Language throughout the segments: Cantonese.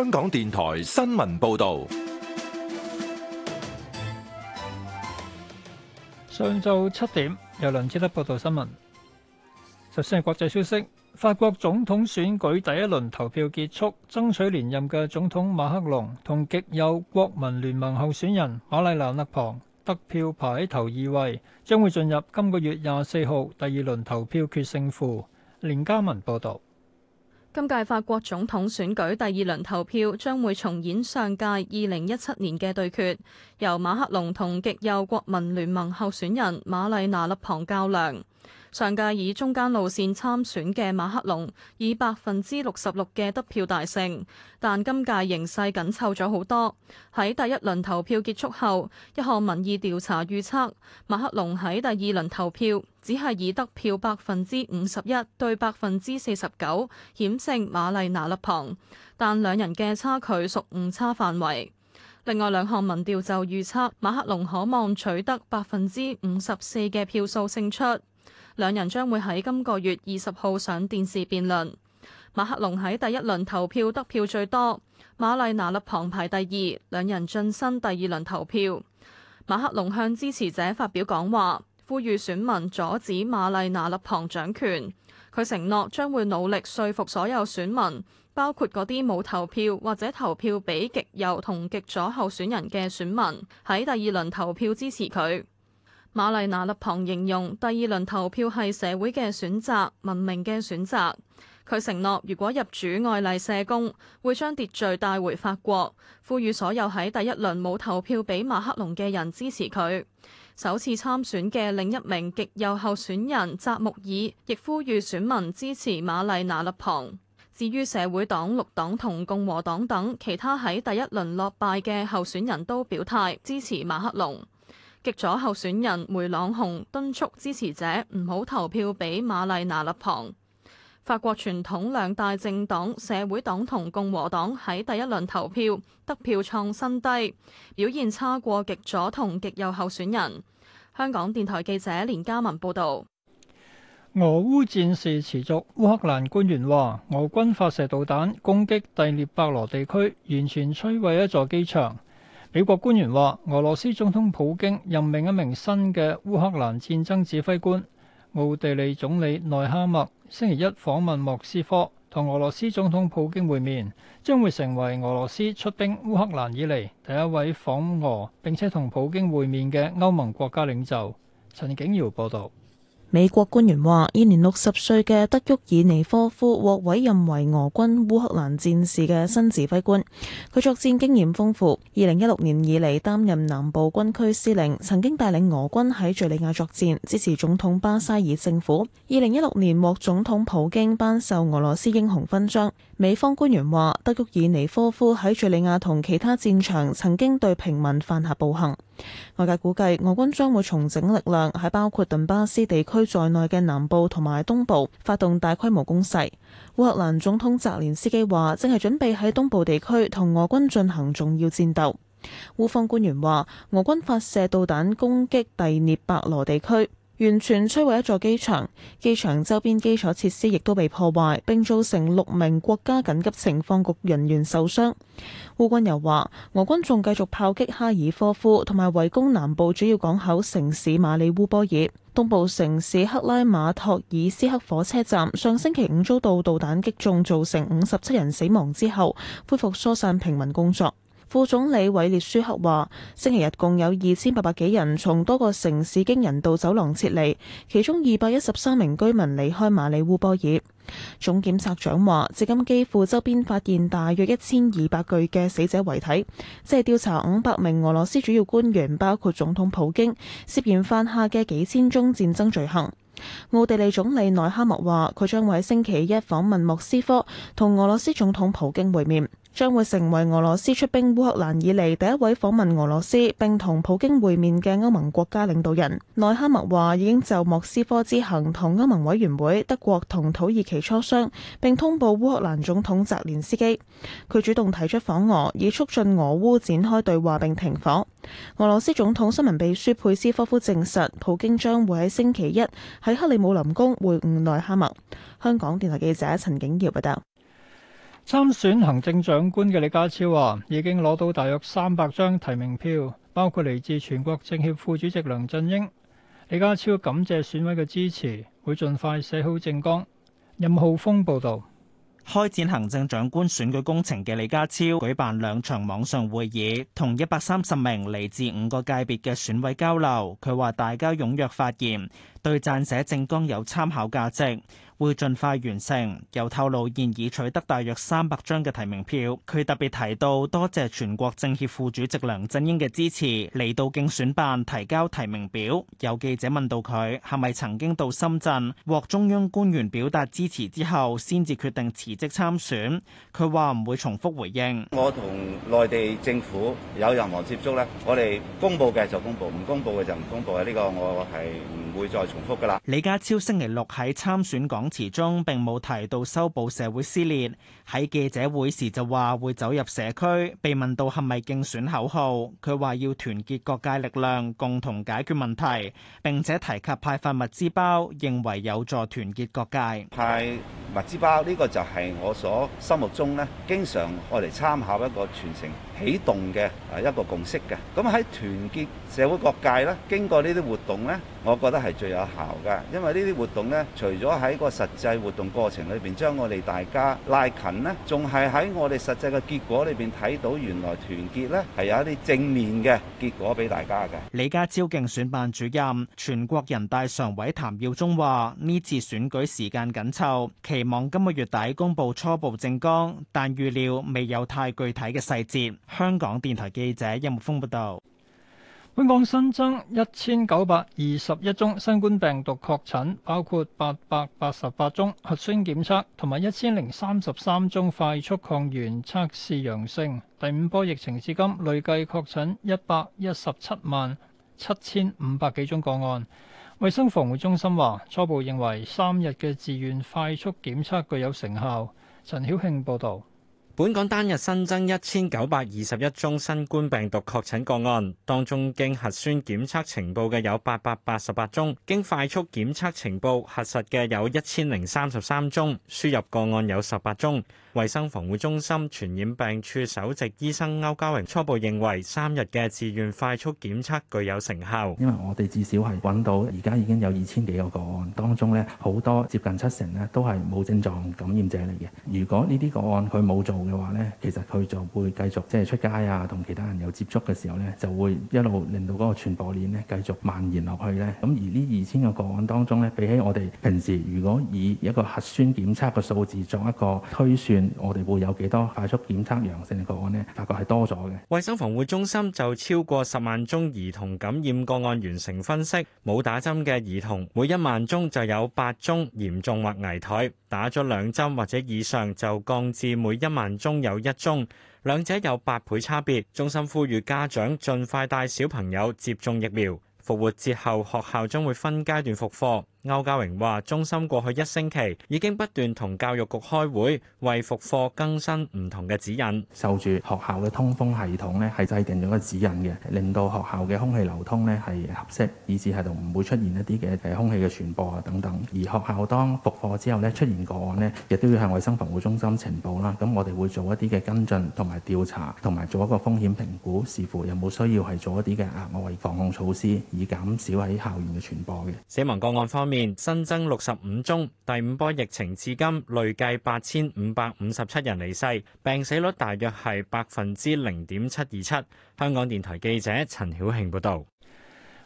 香港電台新聞報道，上晝七點由梁志德報道新聞。首先係國際消息，法國總統選舉第一輪投票結束，爭取連任嘅總統馬克龍同極右國民聯盟候選人瑪麗娜勒龐得票排喺頭二位，將會進入今個月廿四號第二輪投票決勝負。連家文報道。今屆法國總統選舉第二輪投票將會重演上屆二零一七年嘅對決，由馬克龍同極右國民聯盟候選人瑪麗娜勒龐較量。上屆以中間路線參選嘅馬克龍以百分之六十六嘅得票大勝，但今屆形勢緊湊咗好多。喺第一輪投票結束後，一項民意調查預測馬克龍喺第二輪投票只係以得票百分之五十一對百分之四十九險勝馬麗娜勒龐，但兩人嘅差距屬誤差範圍。另外兩項民調就預測馬克龍可望取得百分之五十四嘅票數勝出。兩人將會喺今個月二十號上電視辯論。馬克龍喺第一輪投票得票最多，馬麗娜勒龐排第二，兩人晉身第二輪投票。馬克龍向支持者發表講話，呼籲選民阻止馬麗娜勒龐掌權。佢承諾將會努力說服所有選民，包括嗰啲冇投票或者投票俾極右同極左候選人嘅選民，喺第二輪投票支持佢。瑪麗娜·勒龐形容第二輪投票係社會嘅選擇、文明嘅選擇。佢承諾如果入主愛麗舍宮，會將秩序帶回法國。呼籲所有喺第一輪冇投票俾馬克龍嘅人支持佢。首次參選嘅另一名極右候選人扎穆爾亦呼籲選民支持瑪麗娜·勒龐。至於社會黨、綠黨同共和黨等其他喺第一輪落敗嘅候選人都表態支持馬克龍。極左候選人梅朗雄敦促支持者唔好投票俾馬麗娜立旁。法國傳統兩大政黨社會黨同共和黨喺第一輪投票得票創新低，表現差過極左同極右候選人。香港電台記者連嘉文報道。俄烏戰事持續，烏克蘭官員話，俄軍發射導彈攻擊第聶伯羅地區，完全摧毀一座機場。美國官員話，俄羅斯總統普京任命一名新嘅烏克蘭戰爭指揮官。奧地利總理內哈默星期一訪問莫斯科，同俄羅斯總統普京會面，將會成為俄羅斯出兵烏克蘭以嚟第一位訪俄並且同普京會面嘅歐盟國家領袖。陳景堯報道。美國官員話，現年六十歲嘅德沃爾尼科夫獲委任為俄軍烏克蘭戰士嘅新指揮官。佢作戰經驗豐富，二零一六年以嚟擔任南部軍區司令，曾經帶領俄軍喺敘利亞作戰，支持總統巴沙爾政府。二零一六年獲總統普京頒授俄羅斯英雄勳章。美方官員話，德沃爾尼科夫喺敘利亞同其他戰場曾經對平民犯下暴行。外界估計俄軍將會重整力量喺包括頓巴斯地區在內嘅南部同埋東部發動大規模攻勢，烏克蘭總統澤連斯基話正係準備喺東部地區同俄軍進行重要戰鬥，烏方官員話俄軍發射導彈攻擊第聶伯羅地區。完全摧毀一座機場，機場周邊基礎設施亦都被破壞，並造成六名國家緊急情況局人員受傷。烏軍又話，俄軍仲繼續炮擊哈爾科夫同埋圍攻南部主要港口城市馬里烏波爾、東部城市克拉馬托爾斯克火車站。上星期五遭到導彈擊中，造成五十七人死亡之後，恢復疏散平民工作。副總理韋列舒克話：星期日共有二千八百幾人從多個城市經人道走廊撤離，其中二百一十三名居民離開馬里烏波爾。總檢察長話：至今基輔周邊發現大約一千二百具嘅死者遺體。即係調查五百名俄羅斯主要官員，包括總統普京，涉嫌犯下嘅幾千宗戰爭罪行。奧地利總理內哈默話：佢將喺星期一訪問莫斯科，同俄羅斯總統普京會面。將會成為俄羅斯出兵烏克蘭以嚟第一位訪問俄羅斯並同普京會面嘅歐盟國家領導人。內哈默話已經就莫斯科之行同歐盟委員會、德國同土耳其磋商，並通報烏克蘭總統澤連斯基。佢主動提出訪俄，以促進俄烏展開對話並停火。俄羅斯總統新聞秘書佩斯科夫證實，普京將會喺星期一喺克里姆林宮會晤內哈默。香港電台記者陳景堯報道。參選行政長官嘅李家超話，啊：已經攞到大約三百張提名票，包括嚟自全國政協副主席梁振英。李家超感謝選委嘅支持，會盡快寫好政綱。任浩峰報導。開展行政長官選舉工程嘅李家超舉辦兩場網上會議，同一百三十名嚟自五個界別嘅選委交流。佢話：大家踴躍發言，對撰寫政綱有參考價值。會盡快完成。又透露現已取得大約三百張嘅提名票。佢特別提到多謝全國政協副主席梁振英嘅支持，嚟到競選辦提交提名表。有記者問到佢係咪曾經到深圳獲中央官員表達支持之後，先至決定辭職參選。佢話唔會重複回應。我同內地政府有任何接觸呢，我哋公佈嘅就公佈，唔公佈嘅就唔公佈。呢個我係唔會再重複噶啦。李家超星期六喺參選港。其中並冇提到修補社會撕裂。喺記者會時就話會走入社區，被問到係咪競選口號，佢話要團結各界力量，共同解決問題。並且提及派發物資包，認為有助團結各界。派物資包呢，這個就係我所心目中咧，經常我嚟參考一個全城起動嘅啊一個共識嘅。咁喺團結社會各界咧，經過呢啲活動咧。我覺得係最有效㗎，因為呢啲活動呢，除咗喺個實際活動過程裏邊將我哋大家拉近呢，仲係喺我哋實際嘅結果裏邊睇到原來團結呢，係有一啲正面嘅結果俾大家嘅。李家超競選辦主任、全國人大常委譚耀宗話：呢次選舉時間緊湊，期望今個月底公布初步政綱，但預料未有太具體嘅細節。香港電台記者任木峯報導。本港新增一千九百二十一宗新冠病毒確診，包括八百八十八宗核酸檢測同埋一千零三十三宗快速抗原測試陽性。第五波疫情至今累計確診一百一十七萬七千五百幾宗個案。衛生防護中心話，初步認為三日嘅自願快速檢測具有成效。陳曉慶報道。本港單日新增一千九百二十一宗新冠病毒確診個案，當中經核酸檢測呈報嘅有八百八十八宗，經快速檢測呈報核實嘅有一千零三十三宗，輸入個案有十八宗。衛生防護中心傳染病處首席醫生歐家榮初步認為，三日嘅自願快速檢測具有成效。因為我哋至少係揾到，而家已經有二千幾個個案，當中咧好多接近七成咧都係冇症狀感染者嚟嘅。如果呢啲個案佢冇做嘅話咧，其實佢就會繼續即係出街啊，同其他人有接觸嘅時候咧，就會一路令到嗰個傳播鏈咧繼續蔓延落去咧。咁而呢二千個個案當中咧，比起我哋平時如果以一個核酸檢測嘅數字作一個推算。我哋會有幾多快速檢測陽性嘅個案呢？發覺係多咗嘅。衞生防護中心就超過十萬宗兒童感染個案完成分析，冇打針嘅兒童每一萬宗就有八宗嚴重或危殆，打咗兩針或者以上就降至每一萬宗有一宗，兩者有八倍差別。中心呼籲家長盡快帶小朋友接種疫苗。復活節後學校將會分階段復課。歐家榮話：中心過去一星期已經不斷同教育局開會，為復課更新唔同嘅指引。受住學校嘅通風系統咧，係制定咗個指引嘅，令到學校嘅空氣流通咧係合適，以至係度唔會出現一啲嘅誒空氣嘅傳播啊等等。而學校當復課之後咧，出現個案咧，亦都要向衛生防護中心呈報啦。咁我哋會做一啲嘅跟進同埋調查，同埋做一個風險評估，視乎有冇需要係做一啲嘅額外嘅防控措施以，以減少喺校園嘅傳播嘅。死亡個案方面，新增六十五宗，第五波疫情至今累計八千五百五十七人離世，病死率大約係百分之零點七二七。香港電台記者陳曉慶報道。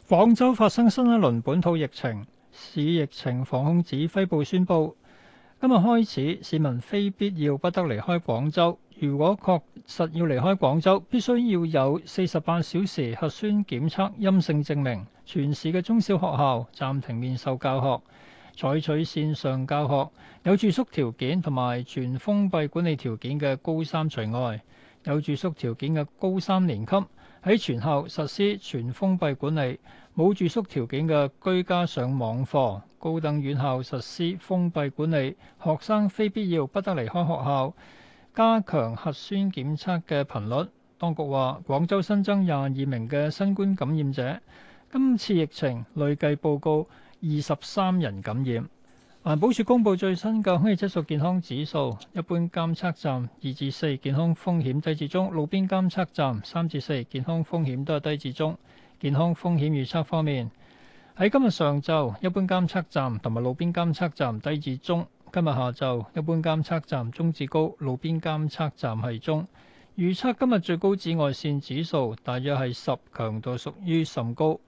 廣州發生新一輪本土疫情，市疫情防控指揮部宣布，今日開始市民非必要不得離開廣州。如果確實要離開廣州，必須要有四十八小時核酸檢測陰性證明。全市嘅中小學校暫停面授教學，採取線上教學。有住宿條件同埋全封閉管理條件嘅高三除外，有住宿條件嘅高三年級喺全校實施全封閉管理。冇住宿條件嘅居家上網課，高等院校實施封閉管理，學生非必要不得離開學校。加強核酸檢測嘅頻率。當局話，廣州新增廿二名嘅新冠感染者。今次疫情累計報告二十三人感染。環保署公布最新嘅空氣質素健康指數，一般監測站二至四，健康風險低至中；路邊監測站三至四，健康風險都係低至中。健康風險預測方面，喺今日上晝，一般監測站同埋路邊監測站低至中；今日下晝，一般監測站中至高，路邊監測站係中。預測今日最高紫外線指數大約係十，強度屬於甚高。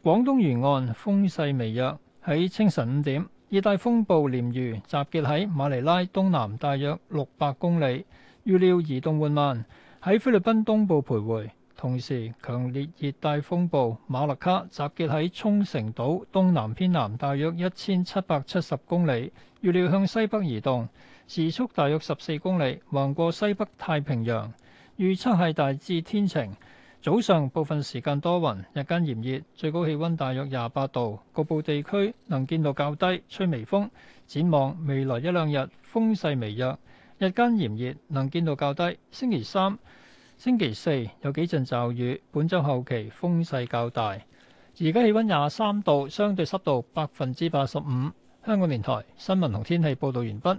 廣東沿岸風勢微弱。喺清晨五點，熱帶風暴鯰魚集結喺馬尼拉東南大約六百公里，預料移動緩慢，喺菲律賓東部徘徊。同時，強烈熱帶風暴馬勒卡集結喺沖繩島東南偏南大約一千七百七十公里，預料向西北移動，時速大約十四公里，橫過西北太平洋。預測係大致天晴。早上部分時間多雲，日間炎熱，最高氣温大約廿八度，局部地區能見度較低，吹微風。展望未來一兩日風勢微弱，日間炎熱，能見度較低。星期三、星期四有幾陣驟雨，本週後期風勢較大。而家氣温廿三度，相對濕度百分之八十五。香港電台新聞同天氣報導完畢。